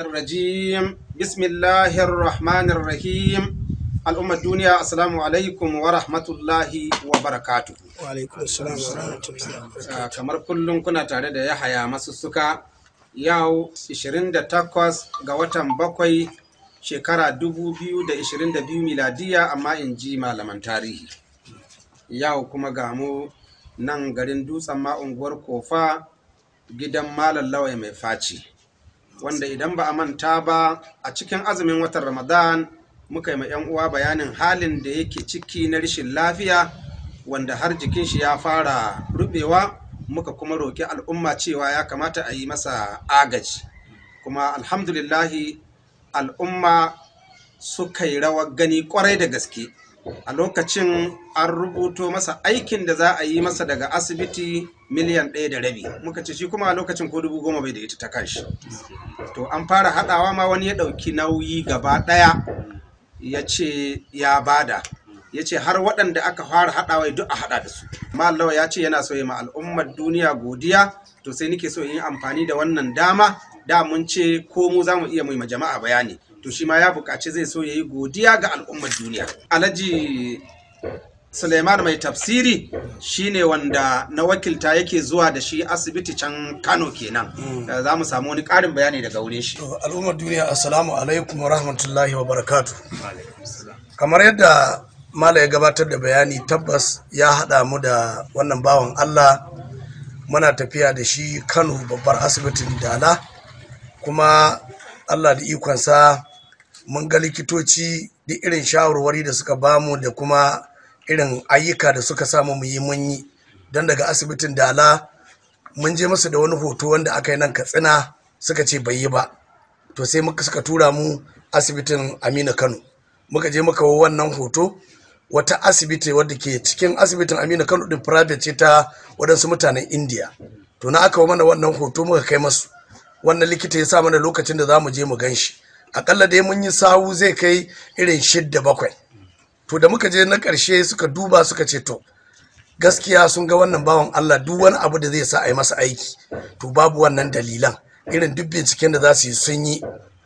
الرجيم بسم duniya, الرحمن الرحيم الأمة الدنيا السلام عليكم ورحمة الله وبركاته وعليكم السلام ورحمة الله وبركاته kamar kullum kuna tare da Yahaya Masussuka yau 28 ga watan bakwai shekara 2022 miladiya amma in ji malaman tarihi yau kuma Gamu nan garin dutsen ma unguwar kofa gidan malam lawai mai faci wanda idan ba a manta ba a cikin azumin watan Ramadan muka yi ma 'yan uwa bayanin halin da yake ciki na rashin lafiya wanda har jikin shi ya fara ruɓewa, muka kuma roƙi al'umma cewa ya kamata a yi masa agaji kuma alhamdulillahi al'umma suka yi rawar gani kwarai da gaske a lokacin an rubuto masa aikin da za a yi masa daga asibiti miliyan ɗaya da rabi muka ce shi kuma a lokacin ko dubu goma bai da ita ta kanshi to an fara haɗawa ma wani ya ɗauki nauyi gaba ɗaya ya ce ya bada ya ce har waɗanda aka fara haɗawa duk a haɗa da su mallawa ya ce yana so ma al'ummar duniya godiya to sai nike so in yi amfani da wannan dama da mun ce ko mu za mu iya mu ma jama'a bayani to shi ma ya buƙaci zai so ya yi godiya ga al'ummar duniya alhaji suleiman mai tafsiri shine wanda na wakilta yake zuwa da shi asibiti can kano kenan hmm. eh, za mu samu wani ƙarin bayani daga wurin shi al'ummar duniya assalamu alaikum wa rahmatullahi wa barakatu kamar yadda mala ya gabatar da bayani tabbas ya haɗa mu da wannan bawan allah muna tafiya da shi kano babbar asibitin dala kuma allah da ikonsa mun ga likitoci da irin shawarwari da suka bamu da kuma irin ayyuka da suka samu mu yi mun yi don daga asibitin dala mun je musu da wani hoto wanda aka yi nan katsina suka ce bai yi ba to sai muka suka tura mu asibitin Amina kano muka je muka wannan hoto wata asibiti wadda ke cikin asibitin Amina kano din private ce ta waɗansu mutanen india to na aka mana wannan hoto muka kai masu wannan likita ya sa mana lokacin da za mu je mu gan shi akalla dai mun yi sawu zai kai irin shidda bakwai to da muka je na ƙarshe suka duba suka ce to gaskiya sun ga wannan bawan Allah duk wani abu da zai sa a yi masa aiki to babu wannan dalilan irin duk binciken da za su yi sun yi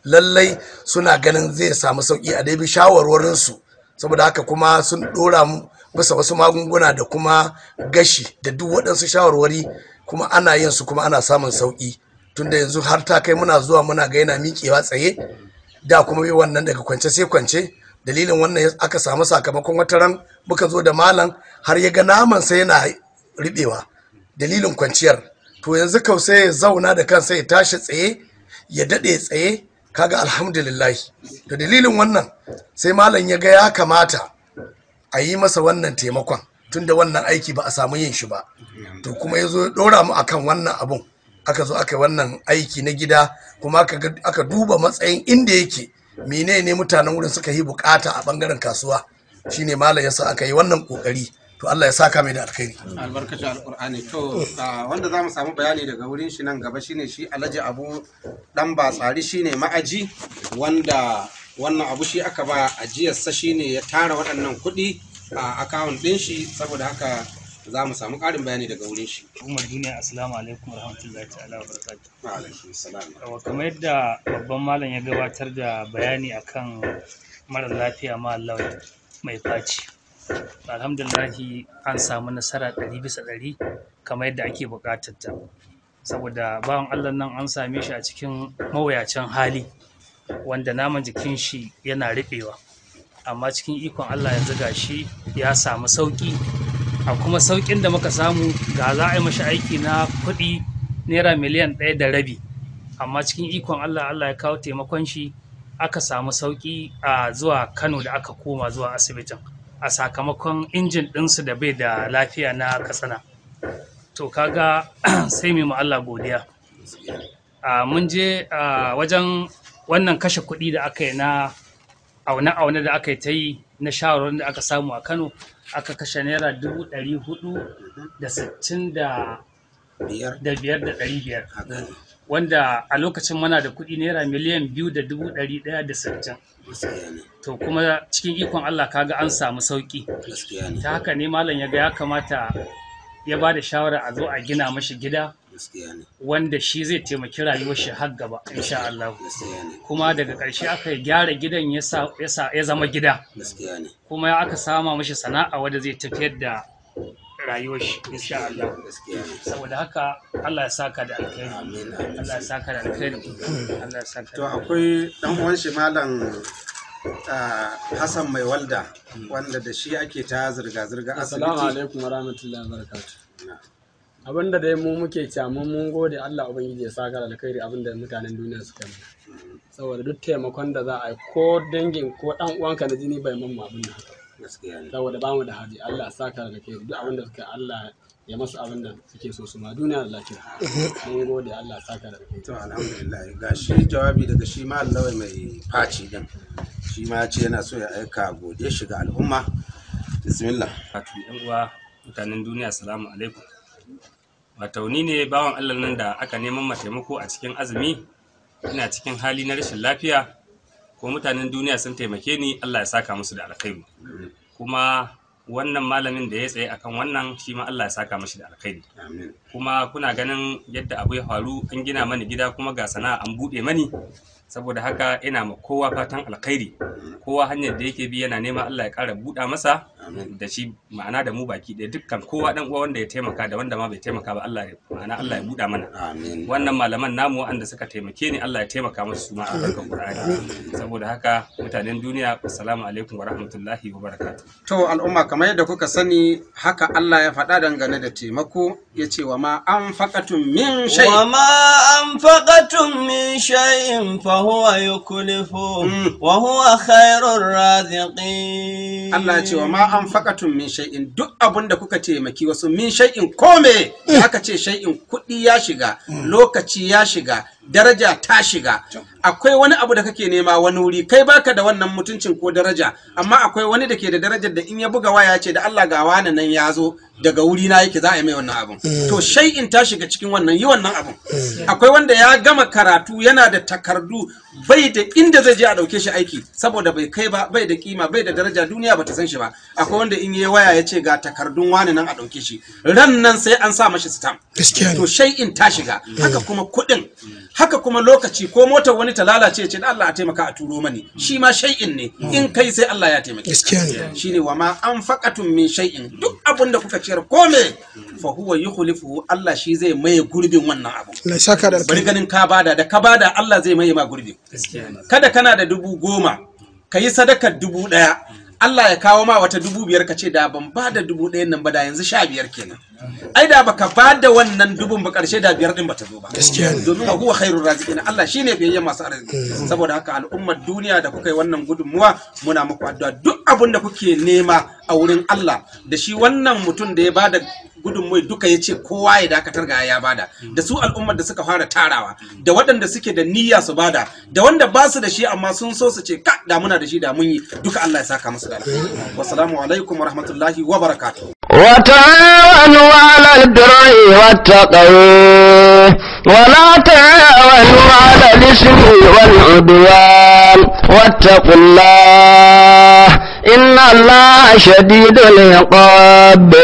lallai suna ganin zai samu sauki a daibi shawarwarinsu saboda haka kuma sun ɗora masa wasu magunguna da kuma gashi da duk waɗansu shawarwari kuma ana yin su kuma ana samun sauƙi. tunda yanzu har ta kai muna zuwa muna ga yana miƙewa tsaye da kuma yi wannan daga kwance sai kwance dalilin wannan aka samu sakamakon wata ran muka zo da malam har ya ga naman sai yana ribewa dalilin kwanciyar to yanzu kau sai ya zauna da kansa ya tashi tsaye ya daɗe tsaye kaga alhamdulillah To dalilin wannan sai malam ya ga ya kamata a yi masa wannan taimakon tunda wannan aiki ba a samu yin shi ba to kuma ya zo ya ɗora mu akan wannan abun aka zo aka wannan aiki na gida kuma aka duba matsayin inda yake menene mutanen wurin suka yi bukata a bangaren kasuwa shine malam yasa aka yi wannan kokari to Allah ya saka mai da alkhairi albarkaci alkur'ani to wanda za samu bayani daga wurin shi nan gaba shine shi alhaji abu dan batsari shine ma'aji wanda wannan abu shi aka ba ajiyarsa shine ya tara waɗannan kuɗi a akawun ɗin shi saboda haka za mu samu ƙarin bayani daga wurin shi Umar Duniya assalamu alaikum warahmatullahi ta'ala wa barakatuh wa kamar yadda babban malam ya gabatar da bayani akan mara lafiya ma Allah mai faci alhamdulillahi an samu nasara ɗari bisa ɗari kamar yadda ake buƙatar ta saboda bawan Allah nan an same shi a cikin mawuyacin hali wanda naman jikin shi yana riɓewa amma cikin ikon Allah yanzu gashi ya samu sauƙi a kuma sauƙin da muka samu ga za a yi mashi aiki na kuɗi naira miliyan ɗaya da rabi amma cikin ikon allah allah ya kawo taimakon shi aka samu sauƙi a zuwa kano da aka koma zuwa asibitin a sakamakon injin ɗinsu da bai da lafiya na katsina to kaga sai mu allah godiya mun je wajen wannan kashe kuɗi da aka yi na aune-aune da aka yi ta yi na shawarwarin da aka samu a kano aka kashe naira dubu ɗari hudu da sittin da biyar da ɗari biyar wanda a lokacin mana da kuɗi naira miliyan biyu da dubu ɗari ɗaya da sittin to kuma cikin ikon allah kaga an samu sauƙi ta haka ne malam ya ga ya kamata ya ba da shawara a zo a gina mashi gida wanda shi zai taimaki rayuwar shi har gaba insha Allah kuma daga ƙarshe aka gyara gidan ya zama gida kuma aka sama mashi sana'a wanda zai tafiyar da rayuwar shi insha Allah saboda haka Allah ya saka da alkhairi Allah ya saka da alkhairi Allah ya saka to akwai dan uwan shi malam Hassan mai walda hmm. wanda da shi ake ta zirga zirga asibiti assalamu alaikum warahmatullahi wabarakatuh abin da dai mu muke kyamun mun gode Allah ubangiji ya saka alkhairi abin da mutanen duniya suka yi saboda duk taimakon da za a yi ko dangin ko dan uwanka na jini bai mamma abin da saboda ba mu da haji Allah ya saka alkhairi duk abin da suka Allah ya masu abin da suke so su ma duniya da lafiya mun gode Allah ya saka alkhairi to alhamdulillah gashi jawabi daga shi ma Allah mai faci din shi ma ya ce yana so ya aika gode shi ga al'umma bismillah fatu yan uwa mutanen duniya assalamu alaikum wato ni ne bawan allah nan da aka neman ma taimako a cikin azumi ina cikin hali na rashin lafiya ko mutanen duniya sun taimake ni allah ya saka musu da alkhairi kuma wannan malamin da ya tsaye akan wannan shi ma Allah ya saka mashi da alkhairi kuma kuna ganin yadda abu ya faru an gina mani gida kuma ga sana'a an buɗe mani saboda haka ina ma kowa fatan alkhairi kowa hanyar da yake bi yana neman Allah ya kara buɗa masa da shi ma'ana da mu baki ɗaya dukkan kowa dan uwa wanda ya taimaka da wanda ma bai taimaka ba Allah ya ma'ana Allah ya buɗa mana wannan malaman namu wanda suka taimake ni Allah ya taimaka musu su ma a harkar Qur'ani saboda haka mutanen duniya assalamu alaikum wa rahmatullahi wa barakatuh to al'umma kamar yadda kuka sani haka Allah ya faɗa dangane da taimako ya ce wa ma an anfaqatum min shay wa ma an anfaqatum min shay'in fa huwa yukulifu mm. wa huwa khairur raziqin Allah ya ce wa ma tun min shay'in duk abun da kuka taimaki wasu min shay'in kome mm. aka ce shay'in kuɗi ya shiga mm. lokaci ya shiga daraja ta shiga akwai wani abu da kake nema wani wuri kai baka da wannan mutuncin ko daraja amma akwai wani da ke da darajar da in ya buga waya ce da Allah ga wani nan ya zo daga wuri na yake za a yi mai wannan abun mm. to shay'in ta shiga cikin wannan yi wannan abun mm. akwai wanda ya gama karatu yana da takardu bai da inda zai je a dauke shi aiki saboda bai kai ba bai da kima bai da daraja duniya ba ta san shi ba akwai wanda in yi waya ya ce ga takardun wani nan a dauke shi ran nan sai an sa mashi stamp to shay'in ta shiga mm. haka kuma kuɗin haka kuma lokaci ko motar wani ta lalace ce da Allah ya taimaka a turo mani shi ma shay'in ne in kai sai Allah ya taimake shi ne wa ma an faqatun min shay'in duk abun da kuka ciyar kome fa huwa yukhlifu Allah shi zai maye gurbin wannan abu bari ganin ka bada da ka bada Allah zai maye ma gurbin kada kana da dubu goma kayi sadakar dubu ɗaya Allah ya kawo ma wata dubu biyar ka ce da ban ba da dubu ɗayan nan ba da yanzu sha biyar kenan ai da baka ba da wannan dubun ba karshe da biyar din ta zo ba domin a huwa khairur raziqin Allah shine biyayyen masu arziki mm. saboda haka al'ummar duniya da kuka yi wannan gudunmuwa muna muku addu'a duk abin da kuke nema a wurin Allah da shi wannan mutum da ya ba da... gudunmuwa duka ya ce kowa ya dakatar ga ya bada mm. da su al'ummar da suka fara tarawa mm. da waɗanda suke da niyya su bada da wanda ba su da shi amma sun so su ce ka da muna da shi da mun yi duka Allah ya saka musu da wasalamu alaikum wa rahmatullahi wa barakatuh wa ta'awanu ala al-birri wa taqwa wa la ta'awanu ala al wal 'udwan wattaqullaha inna allaha shadidul iqab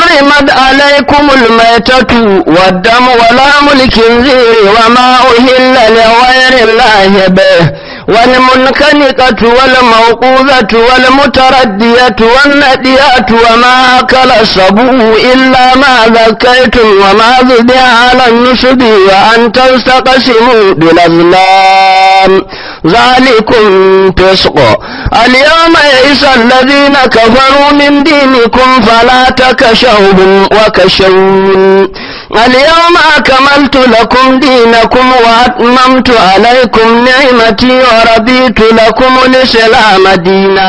حرمت عليكم الميتة والدم ولا ملك الزير وما أهل لغير الله به والمنخنقة والموقوذة والمتردية والندية وما أكل الصبو إلا ما ذكيتم وما ذبح على النسب وأن تستقسموا بالأظلام ذلكم فسق اليوم يئس الذين كفروا من دينكم فلا تكشوهم وكشون اليوم أكملت لكم دينكم وأتممت عليكم نعمتي ورضيت لكم الإسلام دينا